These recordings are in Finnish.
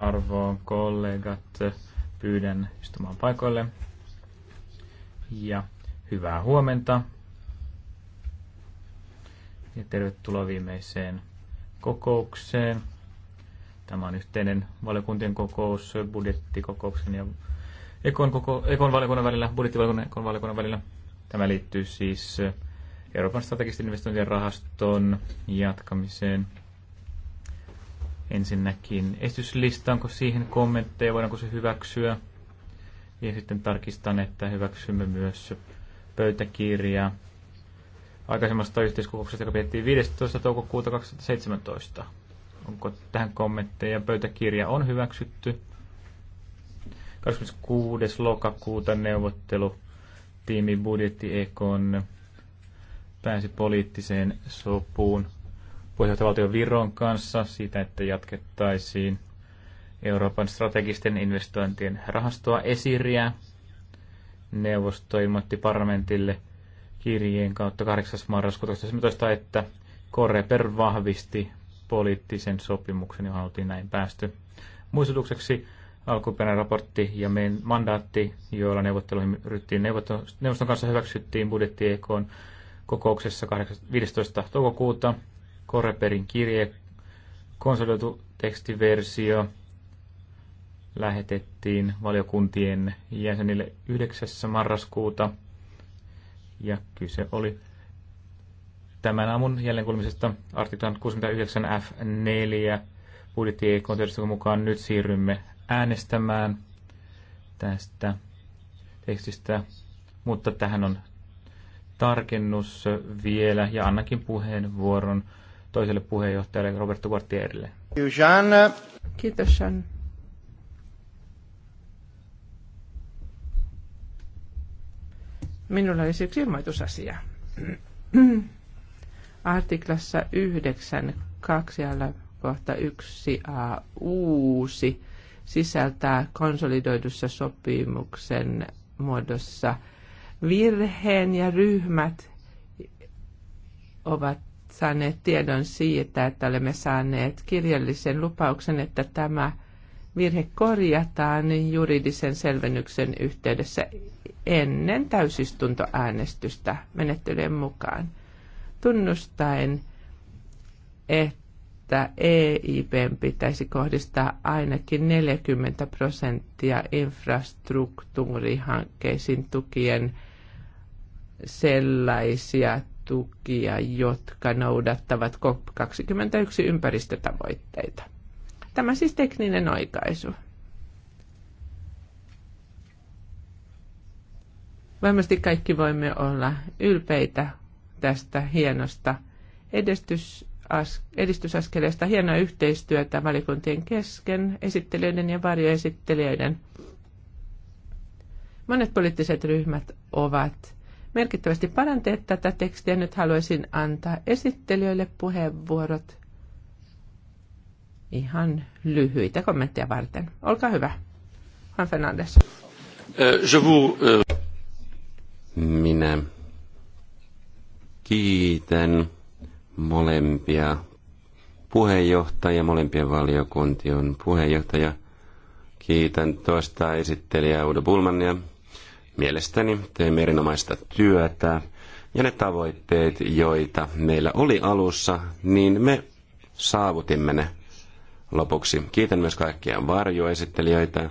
Arvo kollegat, pyydän istumaan paikoille. Ja hyvää huomenta. Ja tervetuloa viimeiseen kokoukseen. Tämä on yhteinen valiokuntien kokous, budjettikokouksen ja Ekon, koko, Ekon valiokunnan välillä, budjettivalikunnan Ekon valiokunnan välillä. Tämä liittyy siis Euroopan strategisten investointien rahaston jatkamiseen – ensinnäkin esityslista, onko siihen kommentteja, voidaanko se hyväksyä. Ja sitten tarkistan, että hyväksymme myös pöytäkirjaa aikaisemmasta yhteiskokouksesta, joka pidettiin 15. toukokuuta 2017. Onko tähän kommentteja? Pöytäkirja on hyväksytty. 26. lokakuuta neuvottelu tiimi budjetti Ekon pääsi poliittiseen sopuun puheenjohtajavaltion Viron kanssa siitä, että jatkettaisiin Euroopan strategisten investointien rahastoa esiriä. Neuvosto ilmoitti parlamentille kirjeen kautta 8. marraskuuta 2017, että Koreper vahvisti poliittisen sopimuksen, johon oltiin näin päästy. Muistutukseksi alkuperäinen raportti ja meidän mandaatti, joilla neuvotteluihin ryhtiin neuvoston kanssa hyväksyttiin budjetti kokouksessa 15. toukokuuta Koreperin kirje, konsolidoitu tekstiversio lähetettiin valiokuntien jäsenille 9. marraskuuta. Ja kyse oli tämän aamun jälleenkulmisesta artiklan 69F4 budjettiekontekstissa mukaan nyt siirrymme äänestämään tästä tekstistä, mutta tähän on tarkennus vielä ja annakin puheenvuoron toiselle puheenjohtajalle Roberto Guartierille. Jean. Kiitos Jean. Minulla olisi yksi ilmoitusasia. Artiklassa 9, 2 kohta 1a uusi sisältää konsolidoidussa sopimuksen muodossa virheen ja ryhmät ovat saaneet tiedon siitä, että olemme saaneet kirjallisen lupauksen, että tämä virhe korjataan juridisen selvennyksen yhteydessä ennen täysistuntoäänestystä menettelyjen mukaan, tunnustaen, että EIP pitäisi kohdistaa ainakin 40 prosenttia infrastruktuurihankkeisiin tukien sellaisia tukia, jotka noudattavat COP21 ympäristötavoitteita. Tämä siis tekninen oikaisu. Varmasti kaikki voimme olla ylpeitä tästä hienosta edistys, edistysaskeleesta, hienoa yhteistyötä valikuntien kesken, esittelijöiden ja varjoesittelijöiden. Monet poliittiset ryhmät ovat merkittävästi parantaa tätä tekstiä. Nyt haluaisin antaa esittelijöille puheenvuorot ihan lyhyitä kommentteja varten. Olkaa hyvä. Juan Fernandes. Minä kiitän molempia puheenjohtajia, molempien valiokuntien puheenjohtaja. Kiitän tuosta esittelijä Udo Bulmania Mielestäni teemme erinomaista työtä ja ne tavoitteet, joita meillä oli alussa, niin me saavutimme ne lopuksi. Kiitän myös kaikkia varjoesittelijöitä.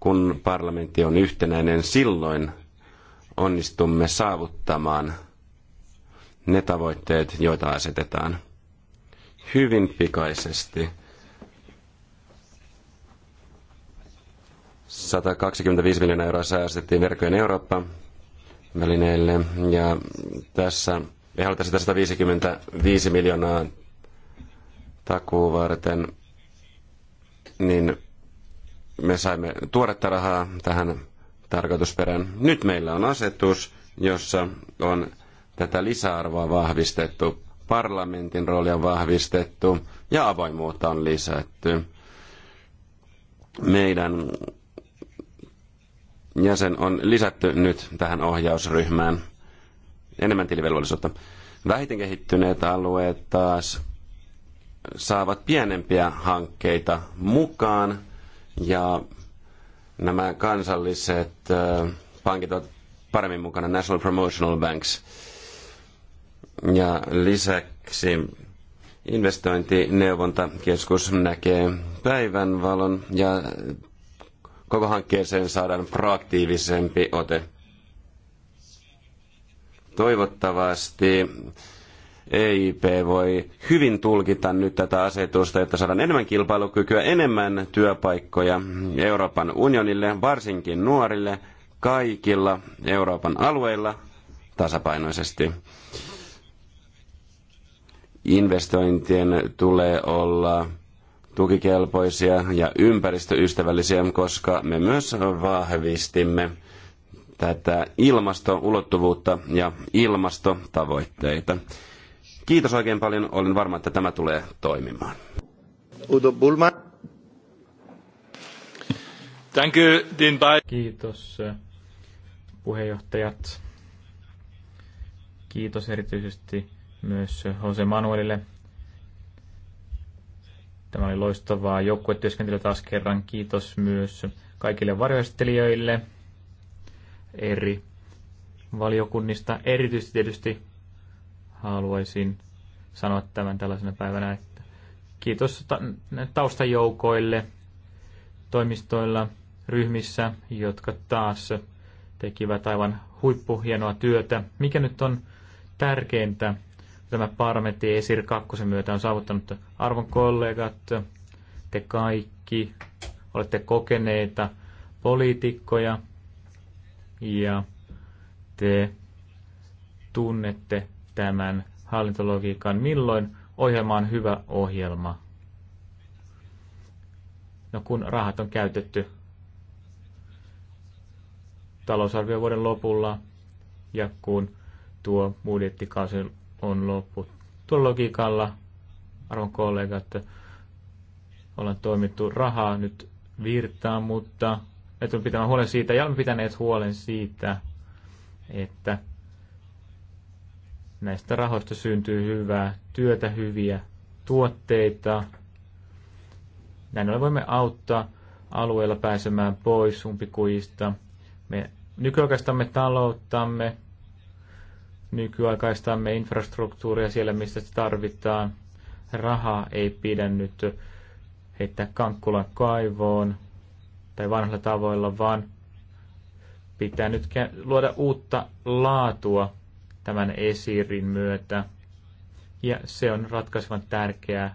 Kun parlamentti on yhtenäinen, silloin onnistumme saavuttamaan ne tavoitteet, joita asetetaan hyvin pikaisesti – 125 miljoonaa euroa säästettiin verkkojen eurooppa välineille Ja tässä halutaan sitä 155 miljoonaa takuu varten, niin me saimme tuoretta rahaa tähän tarkoitusperään. Nyt meillä on asetus, jossa on tätä lisäarvoa vahvistettu, parlamentin roolia vahvistettu ja avoimuutta on lisätty. Meidän jäsen on lisätty nyt tähän ohjausryhmään. Enemmän tilivelvollisuutta. Vähiten kehittyneet alueet taas saavat pienempiä hankkeita mukaan ja nämä kansalliset pankit ovat paremmin mukana, National Promotional Banks. Ja lisäksi investointineuvontakeskus näkee päivänvalon ja koko hankkeeseen saadaan proaktiivisempi ote. Toivottavasti EIP voi hyvin tulkita nyt tätä asetusta, että saadaan enemmän kilpailukykyä, enemmän työpaikkoja Euroopan unionille, varsinkin nuorille, kaikilla Euroopan alueilla tasapainoisesti. Investointien tulee olla tukikelpoisia ja ympäristöystävällisiä, koska me myös vahvistimme tätä ilmastoulottuvuutta ja ilmastotavoitteita. Kiitos oikein paljon. Olen varma, että tämä tulee toimimaan. Udo Bulman. Thank you, Dean Kiitos puheenjohtajat. Kiitos erityisesti myös Jose Manuelille Tämä oli loistavaa joukkuetyöskentelyä taas kerran. Kiitos myös kaikille varjoistelijoille eri valiokunnista. Erityisesti tietysti haluaisin sanoa tämän tällaisena päivänä, että kiitos taustajoukoille toimistoilla, ryhmissä, jotka taas tekivät aivan huippuhienoa työtä. Mikä nyt on tärkeintä tämä parlamentti ESIR 2 myötä on saavuttanut. Arvon kollegat, te kaikki olette kokeneita poliitikkoja ja te tunnette tämän hallintologiikan. Milloin ohjelma on hyvä ohjelma? No kun rahat on käytetty vuoden lopulla ja kun tuo budjettikausi on loppu. Tuolla logiikalla, arvon kollegat, ollaan toimittu rahaa nyt virtaan, mutta me tulemme pitämään huolen siitä, ja olemme pitäneet huolen siitä, että näistä rahoista syntyy hyvää työtä, hyviä tuotteita. Näin ollen voimme auttaa alueella pääsemään pois umpikuista. Me nykyaikaistamme talouttamme, nykyaikaistamme infrastruktuuria siellä, missä sitä tarvitaan. Rahaa ei pidä nyt heittää kankkulan kaivoon tai vanhalla tavoilla, vaan pitää nyt luoda uutta laatua tämän esirin myötä. Ja se on ratkaisevan tärkeää.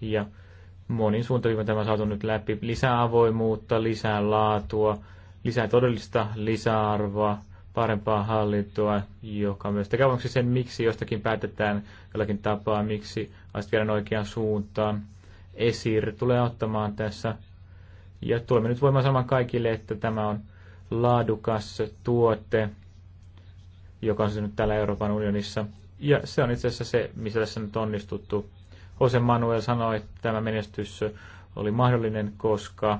Ja monin suuntaviivan tämä on saatu nyt läpi. Lisää avoimuutta, lisää laatua, lisää todellista lisäarvoa, parempaa hallintoa, joka myös tekee avoimeksi sen, miksi jostakin päätetään jollakin tapaa, miksi asiat viedään oikeaan suuntaan. Esir tulee ottamaan tässä. Ja tulemme nyt voimaan sanomaan kaikille, että tämä on laadukas tuote, joka on syntynyt täällä Euroopan unionissa. Ja se on itse asiassa se, missä tässä nyt onnistuttu. Jose Manuel sanoi, että tämä menestys oli mahdollinen, koska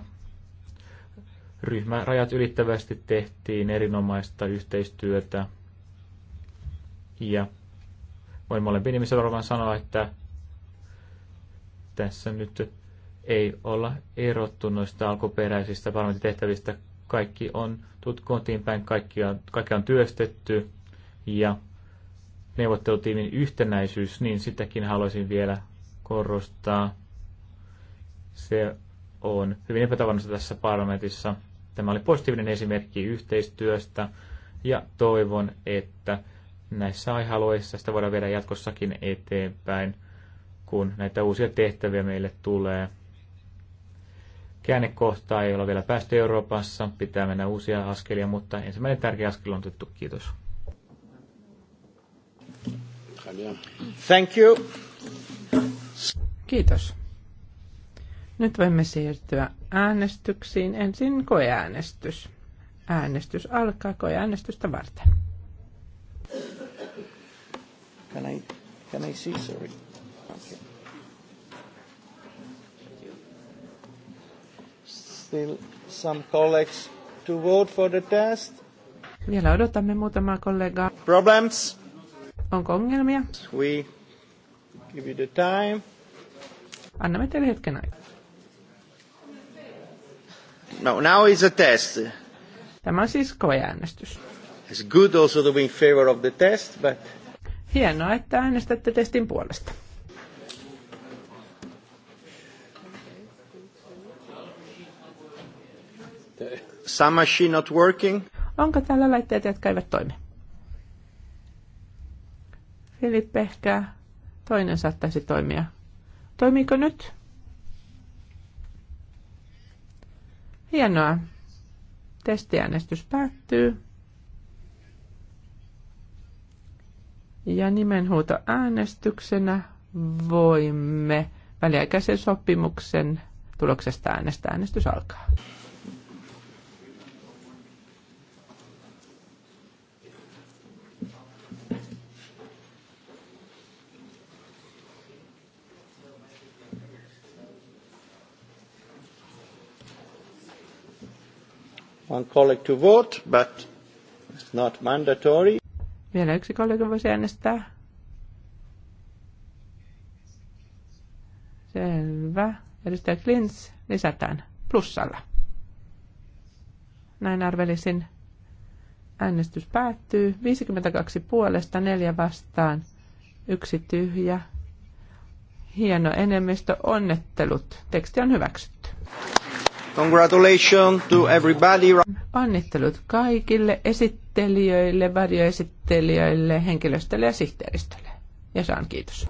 ryhmärajat ylittävästi tehtiin erinomaista yhteistyötä. Ja voin molempi nimissä varmaan sanoa, että tässä nyt ei olla erottu noista alkuperäisistä parlamenttitehtävistä. Kaikki on tuttu päin, kaikki on kaikki on työstetty ja neuvottelutiimin yhtenäisyys, niin sitäkin haluaisin vielä korostaa. Se on hyvin epätavallista tässä parlamentissa. Tämä oli positiivinen esimerkki yhteistyöstä ja toivon, että näissä aihealueissa sitä voidaan viedä jatkossakin eteenpäin, kun näitä uusia tehtäviä meille tulee. Käännekohtaa ei ole vielä päästy Euroopassa, pitää mennä uusia askelia, mutta ensimmäinen tärkeä askel on otettu. Kiitos. Thank you. Kiitos. Nyt voimme siirtyä äänestyksiin. Ensin koeäänestys. Äänestys alkaa koeäänestystä varten. Can I, can I see, sorry? Okay. Still some colleagues to vote for the test. Vielä odotamme muutamaa kollegaa. Problems? Onko ongelmia? We give you the time. Annamme teille hetken aikaa. No, now is a test. Tämä on siis koeäänestys. It's good also to be in favor of the test, but... Hienoa, että äänestätte testin puolesta. Some machine not working. Onko täällä laitteet, jotka eivät toimi? Filippe ehkä toinen saattaisi toimia. Toimiiko nyt? Hienoa. Testiäänestys päättyy. Ja äänestyksenä voimme väliaikaisen sopimuksen tuloksesta äänestää. Äänestys alkaa. one colleague to vote, but it's not mandatory. Vielä yksi kollega voisi äänestää. Selvä. Edustaja Klins lisätään plussalla. Näin arvelisin. Äänestys päättyy. 52 puolesta, 4 vastaan, yksi tyhjä. Hieno enemmistö, onnettelut. Teksti on hyväksytty. Congratulations to everybody. Onnittelut kaikille esittelijöille, varjoesittelijöille, henkilöstölle ja sihteeristölle. Ja saan kiitos.